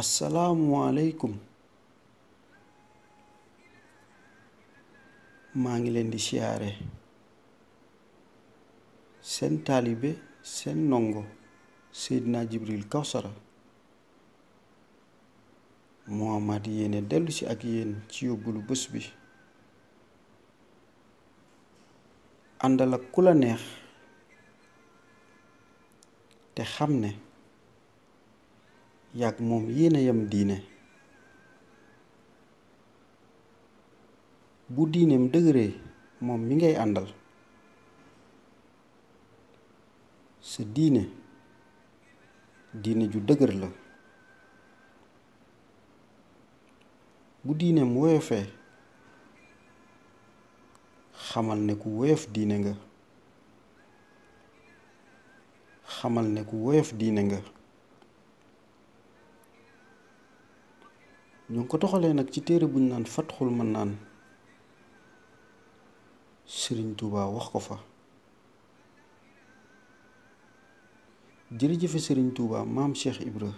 asalaamualeykum maa ngi leen di siyaare seen taalibe seen ndongo Seydina Jibril Kawsara moo amaat yéene dellu si ak yéen ci yóbbulu bés bi àndal ku la neex te xam ne yàgg moom yéen a yem diine bu diineem dëgëree moom mi ngay àndal sa diine diine ju dëgër la bu diineem woyofee xamal ne ku woyof diine nga xamal ne ku woyof diine nga ñoo ngi ko toxalee nag ci téere bu ñu naan fatxul mën naan sëriñ Tuubaa wax ko fa jërëjëfe sëriñ Tuubaa maam Cheikh Ibra